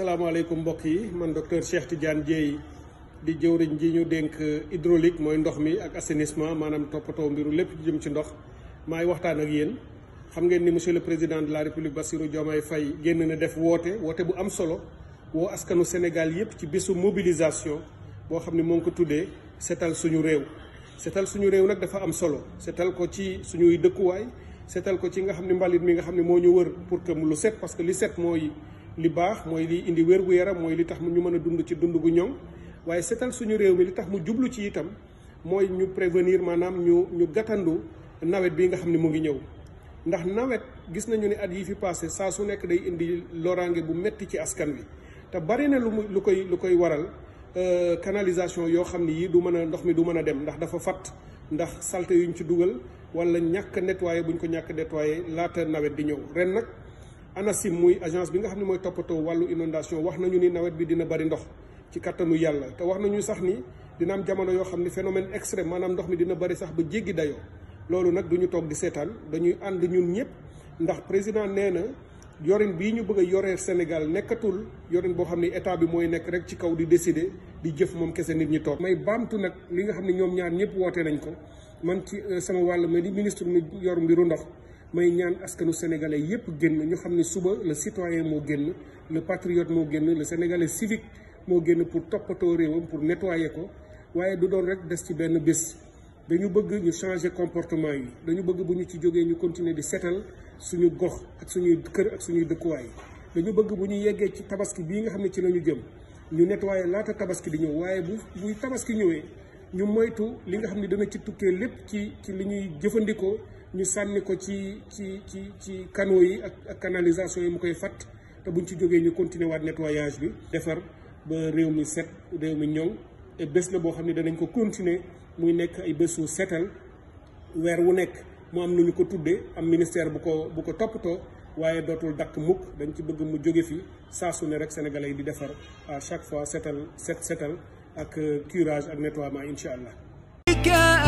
salaamaaleykum mbokk yi man docteur Cheikh tijaan Dieye di jëwriñ ji ñu dénk hydraulique mooy ndox mi ak assainissement maanaam toppatoo mbiru lépp jëm ci ndox maay waxtaan ak yéen xam ngeen ni monsieur le président de la république Bassirou Diomaye Faye génn na def woote woote bu am solo woo askanu Sénégal yépp ci bisu mobilisation boo xam ne moo ngi ko tuddee setal suñu réew setal suñu réew nag dafa am solo setal ko ci suñuy dëkkuwaay setal ko ci nga xam ne mbalit mi nga xam ne moo ñu wër pour que mu parce que li set mooy li baax mooy li indi wér gu yaram mooy li tax ñu mën a dund ci dund gu ñoŋ waaye setal suñu réew mi li tax mu jublu ci itam mooy ñu prévenir maanaam ñu ñu gàttandu nawet bi nga xam ne mu ngi ñëw ndax nawet gis nañu ne at yi fi passé saa su nekk day indi loraange bu metti ci askan wi te bari na lu mu lu koy lu koy waral euh, canalisation yoo xam ne yii du mën a ndox mi du mën a dem ndax dafa fat ndax salte ñu ci dugal wala ñàkk nettoyé buñ ko ñàkk nettoyé laata nawet di ñëw ren nag ANACIM muy agence bi nga xamni moy topato walu inondation wax nañu ni nawet bi dina bari ndox ci katanu yalla te wax nañu sax ni dina am jamono yo xamni phénomène extrême manam ndox mi dina bari sax ba jéggi dayo lolu nak duñu tok di sétal dañuy and ñun ñepp ndax président néna yorin bii ñu bëgg yoré Sénégal nekatul yorin bo xamni état bi moy nek rek ci kaw di décider di jëf mom kessé nit ñi tok may bamtu nak li nga xamni ñom ñaar ñepp woté nañ ko man ci euh, sama wàll di ministre mi yor mbiru ndox. may ñaan askanu sénégalais yépp génn ñu xam ne suba le citoyen moo génn le patriote moo génn le sénégalais civique moo génn pour toppatoo réewam pour nettoyer ko waaye du doon rek des ci benn bés dañu bëgg ñu changer comportement yi dañu bëgg bu ñu ci jógee ñu continuer di setal suñu gox ak suñuy kër ak suñuy dëkkuwaay dañu bëgg bu ñu yeggee ci tabaski bii nga xam ne ci lañu jëm ñu nettoyer laata tabaski di ñëw waaye bu buy tabaski ñëwee ñu moytu li nga xam ne dana ci tukkee lépp ci ci li ñuy jëfandikoo ñu sànni ko ci ci ci ci canaux yi ak ak canalisation yi mu koy fat te buñ ci jógee ñu continuer waat nettoyage bi defar ba réew mi set réew mi ñëw te bés na boo xam ne danañ ko continuer muy nekk ay bésu setal weer wu nekk mu am lu ñu ko tuddee am ministère bu ko bu ko toppatoo waaye dootul dakk mukk dañ ci bëgg mu jóge fi saa su ne rek sénégalais yi di defar à chaque fois setal set setal ak euh, curage ak nettoiement incha allah.